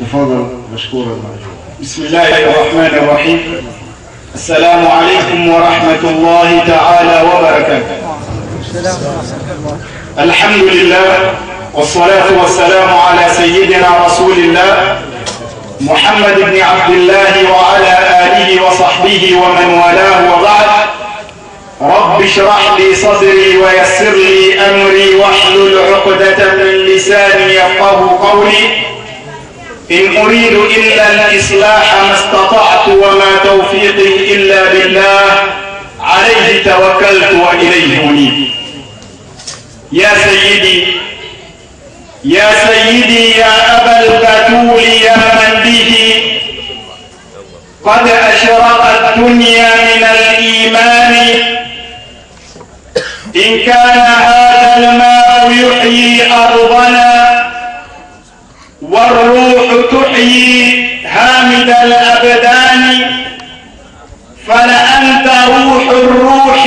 تفضل مشكورا بسم الله الرحمن الرحيم السلام عليكم ورحمة الله تعالى وبركاته الحمد لله والصلاة والسلام على سيدنا رسول الله محمد بن عبد الله وعلى آله وصحبه ومن والاه وبعد رب اشرح لي صدري ويسر لي أمري واحلل عقدة من لساني يفقه قولي إن أريد إلا الإصلاح ما استطعت وما توفيقي إلا بالله عليه توكلت وإليه أنيب يا سيدي يا سيدي يا أبا البتول يا من به قد أشرقت الدنيا من الإيمان إن كان هذا الماء يحيي أرضنا والروح تحيي هامد الأبدان فلأنت روح الروح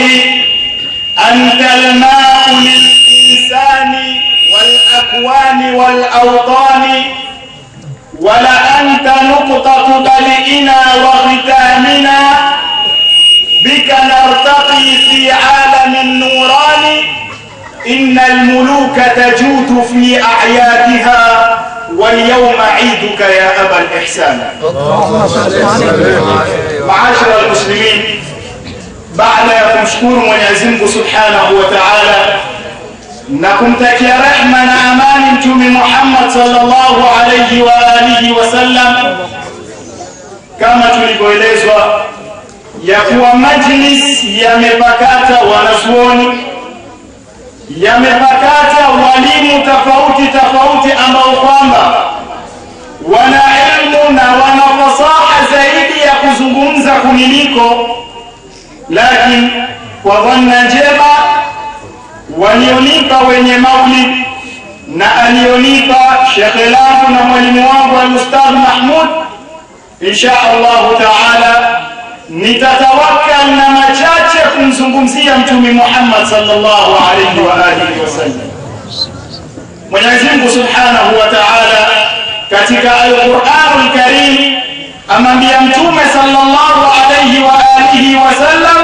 أنت الماء للإنسان والأكوان والأوطان ولأنت نقطة بلئنا وختامنا بك نرتقي في عالم النوران إن الملوك تجود في أعيادها واليوم عيدك يا أبا الإحسان معاشر المسلمين بعد كمشكور من يزنب سبحانه وتعالى نكم تك يا رحمة أمان جم محمد صلى الله عليه وآله وسلم كما تلقوا إليزوا يقوى مجلس يمبكات ونسوني yamepakata walimu tofauti tofauti ambao kwamba wana elmu na wana fasaha zaidi ya kuzungumza kuniliko, lakini kwa dhanna njema walionipa wenye maulid na alionipa shekhe langu na mwalimu wangu Almustadh Mahmud, insha Allahu taala nitatawakal na machache kumzungumzia mtume Muhammad sallallahu alaihi wa alihi wasallam. Mwenyezi Mungu Subhanahu wa Ta'ala katika Al-Qur'anul Karim amwambia mtume sallallahu alaihi wa alihi wasallam,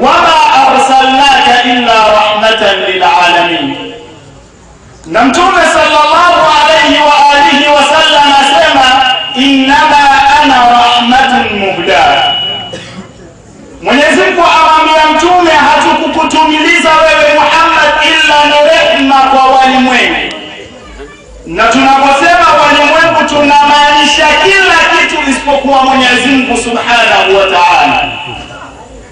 wama arsalnaka illa rahmatan lil alamin, na mtume sallallahu alaihi wa alihi wasallam asema, innama ana rahmatun mu subhanahu wa ta'ala,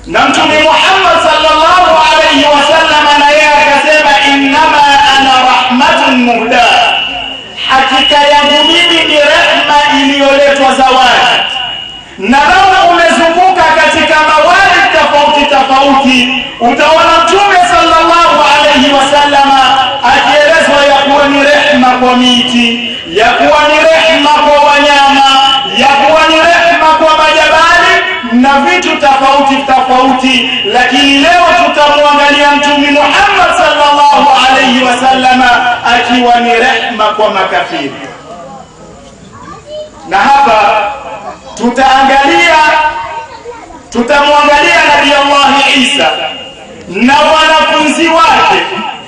na Mtume Muhammad sallallahu alayhi wasallam naye akasema, innama ana rahmatun muhda, hakika yangu mimi ni rehma iliyoletwa zawadi. Na kama umezunguka katika mawali tofauti tofauti, utaona Mtume sallallahu alayhi wasallam akielezwa ya kuwa ni rehma kwa miti, ya kuwa ni tofauti, lakini leo tutamwangalia Mtume Muhammad sallallahu alayhi wasallama akiwa ni rehma kwa makafiri, na hapa tutaangalia tutamwangalia Nabii Allah Isa na wanafunzi wake,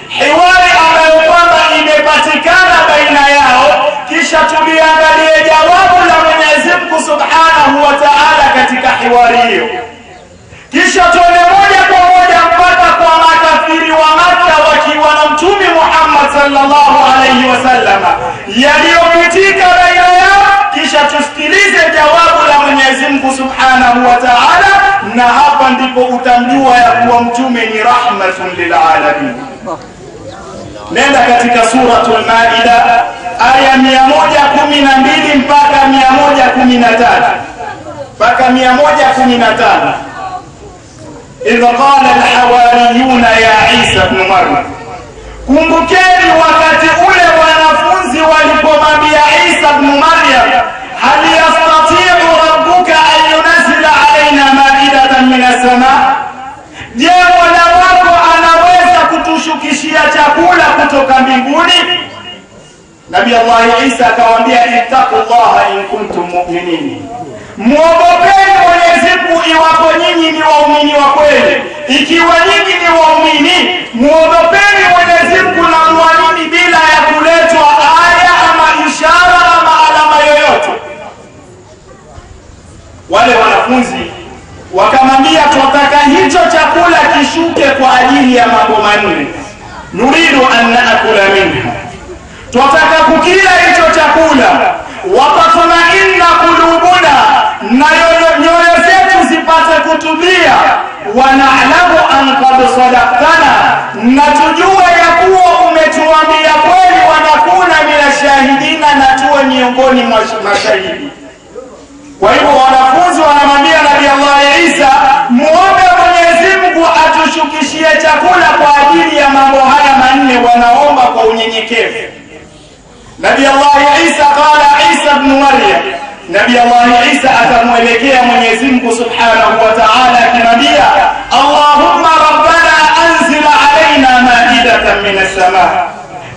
hiwari ambayo kwamba imepatikana baina yao, kisha tuliangalie jawabu la Mwenyezi Mungu Subhanahu wa Ta'ala katika hiwari hiyo kisha twende moja kwa moja mpaka kwa makafiri wa Makka wakiwa na Mtume Muhammad sallallahu alayhi wasallam, yaliyopitika baina yao, kisha tusikilize jawabu la Mwenyezi Mungu subhanahu wa ta'ala, na hapa ndipo utamjua ya kuwa mtume ni rahmatun lil alamin. Nenda katika suratul Maida aya 112 mpaka 113 mpaka 115 idh qala alhawariyuna ya Isa ibn Maryam, kumbukeni wakati ule wanafunzi walipomwambia Isa bnu Maryam, hal yastatiu rabbuka an yunazila alaina maidatan min as je, Mola wako anaweza kutushukishia chakula kutoka mbinguni? Nabii Allah Isa akawaambia, ittaqullaha in kuntum mu'minin, muogopeni Mwenyezi Mungu, iwapo nyinyi ni waumini wa kweli, ikiwa nyinyi ni waumini, muogopeni Mwenyezi Mungu na mwamini bila ya kuletwa aya ama ishara ama alama yoyote. Wale wanafunzi wakamwambia, twataka hicho chakula kishuke kwa ajili ya mambo manne, nuridu an naakula minha, twataka kukila hicho chakula, wapatuna inna kulubuna, nayo nyoyo kutubia wanalamu an qad sadaktana, na tujue ya kuwa umetuambia kweli, wanakuna mina shahidina, na tuwe miongoni mwa mashahidi. Kwa hivyo wanafunzi wanamwambia Nabii Allah Isa, muombe Mwenyezi Mungu atushukishie chakula kwa ajili ya mambo haya manne. Wanaomba kwa unyenyekevu. Nabii Allah Isa qala Isa ibn Maryam nabi Allah Isa atamwelekea Mwenyezi Mungu Subhanahu wa Ta'ala akimwambia, Allahumma rabbana anzil alaina maidatan min samaa,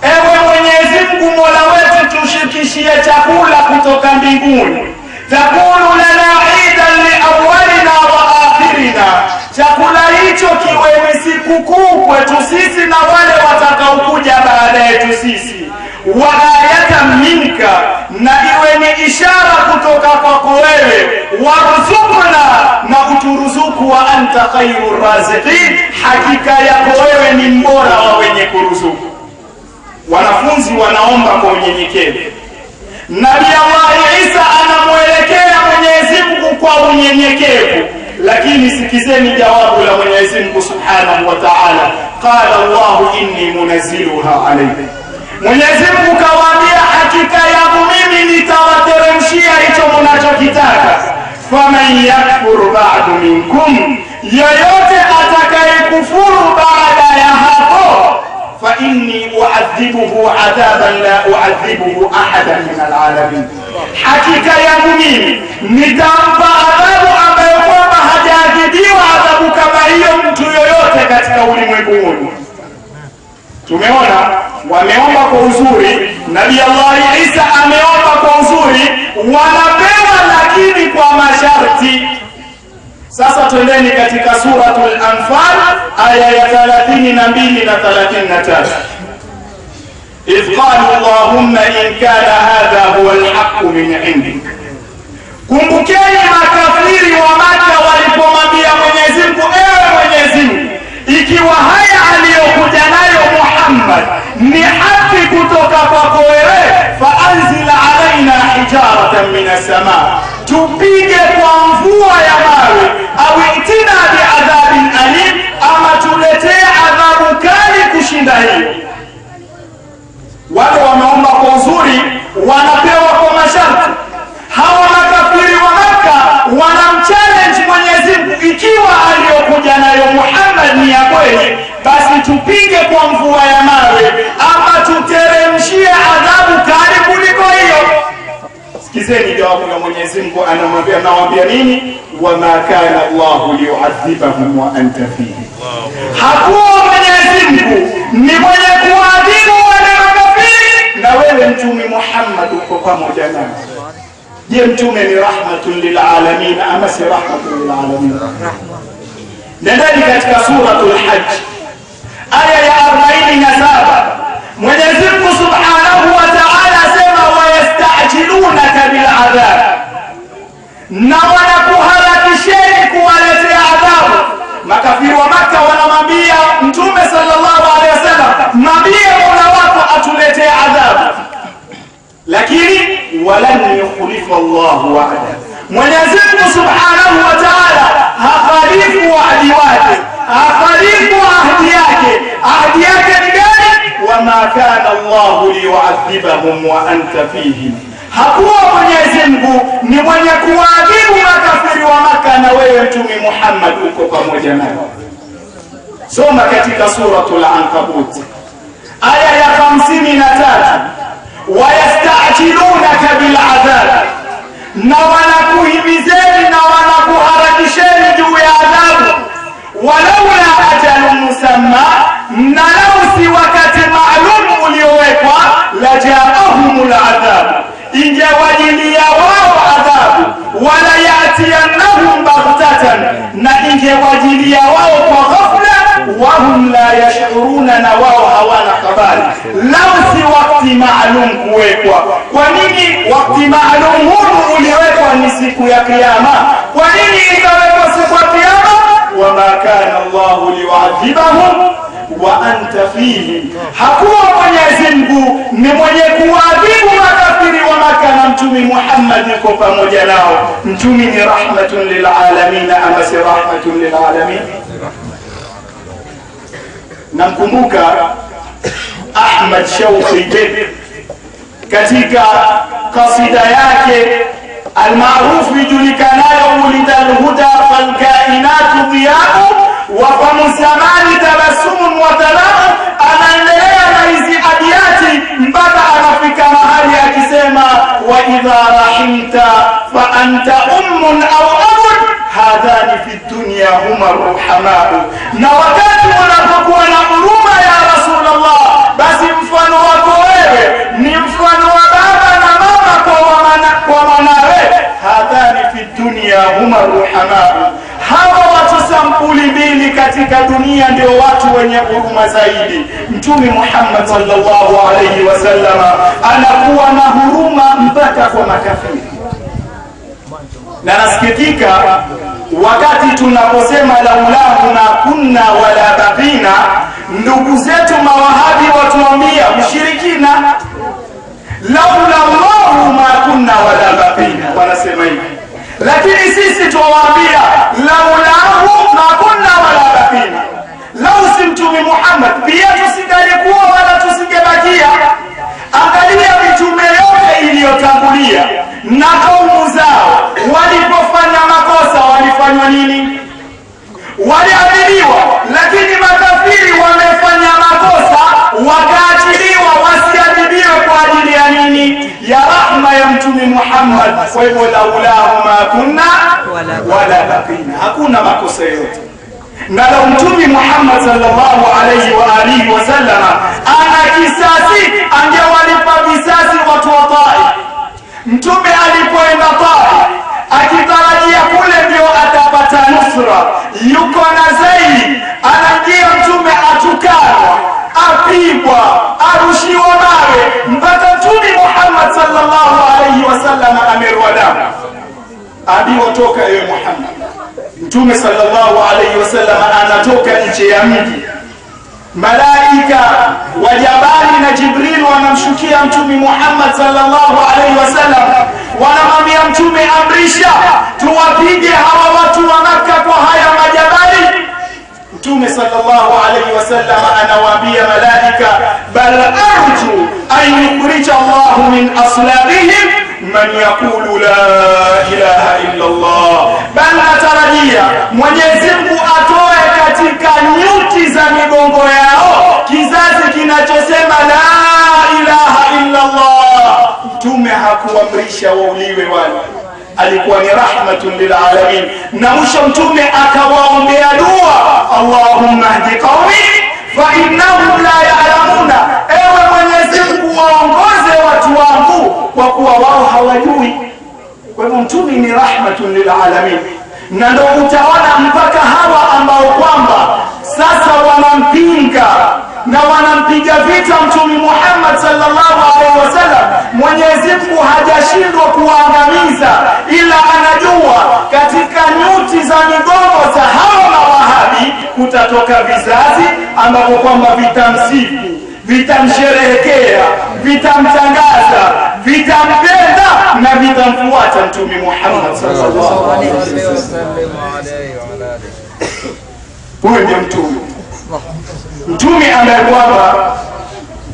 ewe Mwenyezi Mungu mola wetu tushikishie chakula kutoka mbinguni, takulu lana idan li awwalina wa akhirina, chakula hicho kiwe ni sikukuu kwetu sisi na wale watakaokuja baada yetu sisi, wa ayatan minka na iwe ni ishara kutoka kwako wewe, warzuqna, na kuturuzuku, wa anta khairu raziqin, hakika yako wewe ni mbora wa wenye kuruzuku. Wanafunzi wanaomba kwa unyenyekevu. Nabii Allah Isa anamwelekea Mwenyezi Mungu kwa unyenyekevu, lakini sikizeni jawabu la Mwenyezi Mungu Subhanahu wa Ta'ala, qala Allahu inni munazziluha alayhi, Mwenyezi Mungu kawa hakika yangu mimi nitawateremshia hicho mnachokitaka. faman yakfuru ba'du minkum, yoyote atakayekufuru baada ya hapo, fa inni uadhibuhu adhaban la uadhibuhu ahadan min alalamin, hakika yangu mimi nitampa adhabu ambayo kwamba hajaadhibiwa adhabu kama hiyo mtu yoyote katika ulimwengu huu. Tumeona wameomba kwa uzuri Nabii Allah Isa ameomba kwa uzuri, wanapewa lakini kwa masharti. Sasa twendeni katika Suratul Anfal aya ya 32 na 33. Idh qalu Allahumma in kana hadha huwa alhaq min indik. Kumbukeni makafiri wa Maka walipomwambia Mwenyezi Mungu, ewe Mwenyezi Mungu, ikiwa haya aliyokuja Muhammad ni haki kutoka kwako wewe, faanzil alaina hijaratan min as-sama, tupige kwa mvua ya mawe, au itina biadhabin alim, ama tuletee adhabu kali kushinda hiyo. Wale wameomba kwa uzuri, wanapewa kwa masharti. Hawa makafiri wa Maka wanamchallenge Mwenyezi Mungu ikiwa aliyokuja nayo Muhammad ni ya kweli basi tupige kwa mvua ya mawe ama tuteremshie adhabu kali kuliko hiyo. Sikizeni jawabu la Mwenyezi Mungu, anamwambia nawaambia nini? Wama kana Allahu liyuadhibahum wa anta fihi, hakuwa Mwenyezi Mungu ni mwenye kuadhibu wale makafiri na wewe Mtume Muhammad uko pamoja nao. Je, mtume ni rahmatun lil alamin ama si rahmatun lil alamin? katika suratul Hajj aya ya 47 na saba Mwenyezi Mungu subhanahu wa taala asema, wayastajilunaka biladhab, na wanakuharakisheni kuwaletea adhabu. Makafiri wa Maka wanamwambia Mtume sallallahu alaihi wasallam, mwambie mola wako atuletee adhabu, lakini walan yukhlifa Allahu wa'da, Mwenyezi Mungu subhanahu wa taala hakhalifu wa'di wake wama kana Allahu liyuadhibahum wa anta fihim, hakuwa Mwenyezi Mungu ni mwenye kuwaadhibu makafiri wa Maka na wewe Mtume Muhammad uko pamoja nao. Soma katika Suratul Ankabut aya ya 53, wayastajilunaka biladhab, na wanakuhimizeni na wanakuharakisheni juu ya adhabu, walaula ajalu musamma, na lau si wakati lajaahumul adhabu, ingewajilia wao adhabu, wala yatiyannahum baghtatan, na ingewajilia wao kwa ghafla, wahum la yashuruna, na wao hawana habari. Lau si wakati maalum kuwekwa. Kwa nini wakati maalum huu uliwekwa? Ni siku ya Kiyama. Kwa nini ikawekwa siku ya Kiyama? Wama kana Allahu liwadhibahum wa anta fihi, hakuwa Mwenyezi Mungu ni mwenye kuadhibu makafiri wa Maka na Mtume Muhammad yuko pamoja nao. Mtume ni rahmatun lil alamin, ama si rahmatun lil alamin? Namkumbuka Ahmad Shauqi katika kasida yake almaarufu ijulikanayo Mulidal Huda, falkainatu diyabu rahimta fa anta ummun au abun, hadhani fi dunya huma ruhamau. Na wakati unapokuwa na huruma ya Rasulullah, basi mfano wako wewe ni mfano wa baba na mama kwa mwanawe. Hadhani fi dunya huma ruhamau hawa sampuli mbili katika dunia ndio watu wenye huruma zaidi. Mtume Muhammad sallallahu alaihi wasallam anakuwa na huruma mpaka kwa makafiri, na nasikitika wakati tunaposema na kunna wala bakina ndugu zetu mawahabi watuambia mshirikina laula ma kunna wala baghina lakini sisi tuwaambia laulahu makunna wala bakina, lau si mtumi Muhammad pia tusingalikuwa wala tusingebakia. Angalia mitume yote iliyotangulia na kaumu zao, walipofanya makosa walifanywa nini? waliambiwa zama ya Mtume Muhammad. Kwa hivyo laulahu makunna wala baqina, hakuna makosa yote. Na lau Mtume Muhammad sallallahu alayhi wa alihi wasallam ana kisasi, angewalipa visasi watu wa Taif. Mtume alipoenda Taif akitarajia kule ndio atapata nusra, yuko na Zaid, anaingia Mtume atukanwa, apigwa, arushiwa mawe Muhammad sallallahu alayhi wasallam amerwa damu aliyotoka ewe Muhammad. Mtume sallallahu alayhi sallam anatoka nje ya mji, malaika wa jabali na Jibril wanamshukia Mtume Muhammad sallallahu alayhi sallam, wanamwambia Mtume, amrisha tuwapige hawa watu wa Maka kwa haya majabali Mtume sallallahu alaihi wasallam anawaambia malaika, bal arju an yukhrija Allahu min aslabihim man yaqulu la ilaha illa llah bal atarajia Mwenyezi Mungu atoe katika nyuti za migongo yao kizazi kinachosema la ilaha illa Allah. Mtume hakuamrisha wauliwe wale alikuwa ni rahmatun lilalamin na mwisho mtume akawaombea dua, allahumma hdi qaumi fa innahum la yaalamuna ewe Mwenyezi Mungu waongoze watu wangu kwa kuwa wao hawajui. Kwa hivyo mtume ni rahmatun lilalamin na ndo utaona mpaka hawa ambao kwamba sasa wanampinga na wanampiga vita Mtume Muhammad sallallahu alaihi wasallam, Mwenyezi Mungu hajashindwa kuangamiza, ila anajua katika nyuti za migongo za hawa mawahabi kutatoka vizazi ambapo kwamba vitamsifu, vitamsherehekea, vitamtangaza, vitampenda na vitamfuata Mtume Muhammad sallallahu alaihi wasallam. Huyu ndiye mtume Mtume ambaye kwamba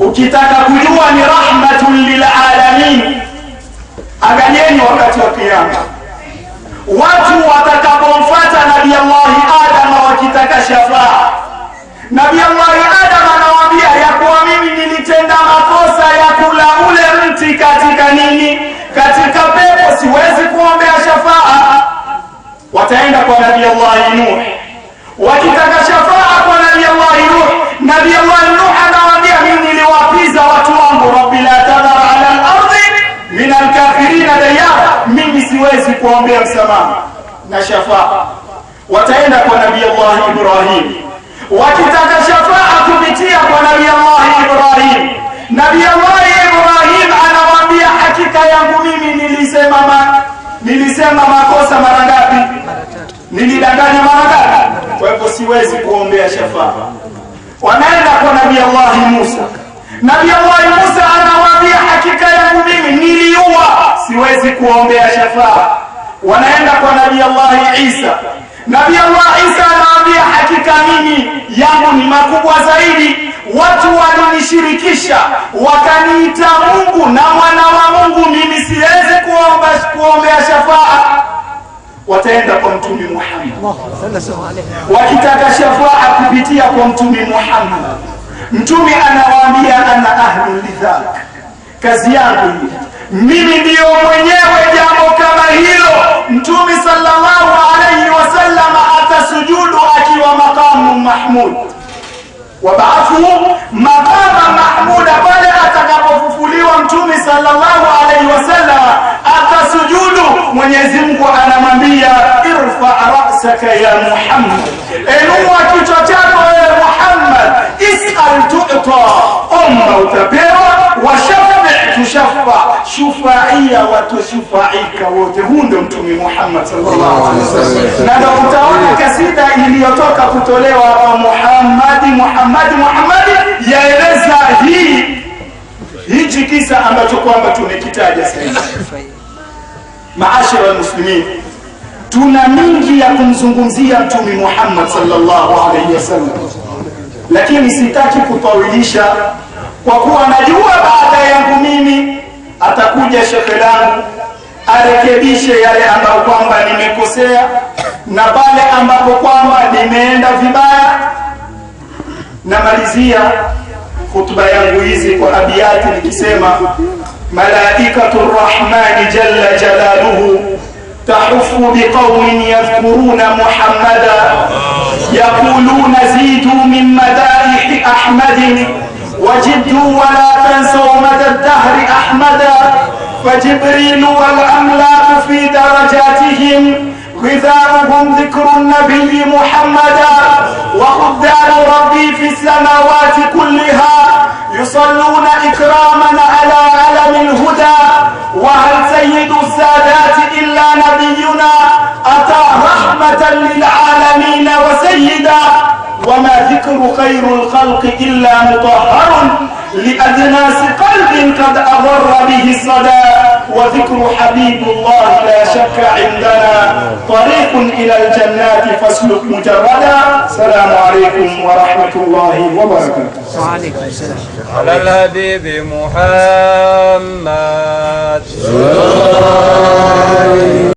ukitaka kujua ni rahmatun lilalamin, angalieni wakati wa Kiyama watu watakapomfata Nabii Allah Adam wakitaka shafaa, Nabii Allah Adam anawaambia ya kuwa mimi nilitenda makosa ya kula ule mti katika nini, katika pepo, siwezi kuombea shafaa. Wataenda kwa Nabii Allah Nuh wakitaka hawawezi kuombea msamaha na shafaa, wataenda kwa Nabii Allah Ibrahim wakitaka shafaa kupitia kwa Nabii Allah Ibrahim. Nabii Allah Ibrahim anawambia hakika yangu mimi nilisema ma, nilisema makosa mara ngapi? Nilidanganya mara ngapi? Kwa hivyo siwezi kuombea shafaa. Wanaenda kwa Nabii llahi Musa, Nabii Allah siwezi kuombea shafaa. Wanaenda kwa Nabii Allah Isa. Nabii Allah Isa anawaambia, hakika mimi yangu ni makubwa zaidi. Watu walinishirikisha wakaniita Mungu na mwana wa Mungu, mimi siwezi kuomba kuombea shafaa. Wataenda kwa Mtume Muhammad wakitaka shafaa kupitia kwa Mtume Muhammad. Mtume anawaambia, ana ahlu lidhak, kazi yangu mimi ndiyo mwenyewe jambo kama hilo. mtumi sallallahu alayhi wasallam atasujudu akiwa maqamu Mahmud, wabaathu maqama Mahmuda, pale atakapofufuliwa mtumi sallallahu alayhi wasallam atasujudu. mwenyezimngu Mungu anamwambia irfa rasaka ya Muhammad, enua kichwa chako ewe Muhammad, isal tuta, omba utapewa, washafa tushafa shufaia watushufaika wote. Huu ndio Mtume Muhammad sallallahu alaihi wasallam, na ndio utaona kasida iliyotoka kutolewa kwa Muhammadi Muhammadi Muhammadi yaeleza hii hichi kisa ambacho kwamba tumekitaja sasa hivi. Maashara muslimin tuna mingi ya kumzungumzia Mtume Muhammad sallallahu alaihi wasallam, lakini sitaki kutawilisha kwa kuwa najua baada yangu mimi atakuja shekhe langu arekebishe yale ambayo kwamba nimekosea na pale ambapo kwamba nimeenda vibaya. Namalizia hutuba yangu hizi kwa abiyati nikisema, malaikatu rrahmani jalla jalaluhu tahufu biqaumin yadhkuruna Muhammada yaquluna zidu min madaihi ahmadin وجدوا ولا تنسوا مدى الدهر أحمدا فجبريل والأملاك في درجاتهم غذاؤهم ذكر النبي محمدا وخدام ربي في السماوات كلها يصلون إكراما على علم الهدى وهل سيد السادات إلا نبينا أتى رحمة للعالمين وسيدا وما ذكر خير الخلق إلا مطهر لأجناس قلب قد أضر به الصدى وذكر حبيب الله لا شك عندنا طريق إلى الجنات فاسلك مجردا سلام عليكم ورحمة الله وبركاته وعليكم السلام على الحبيب محمد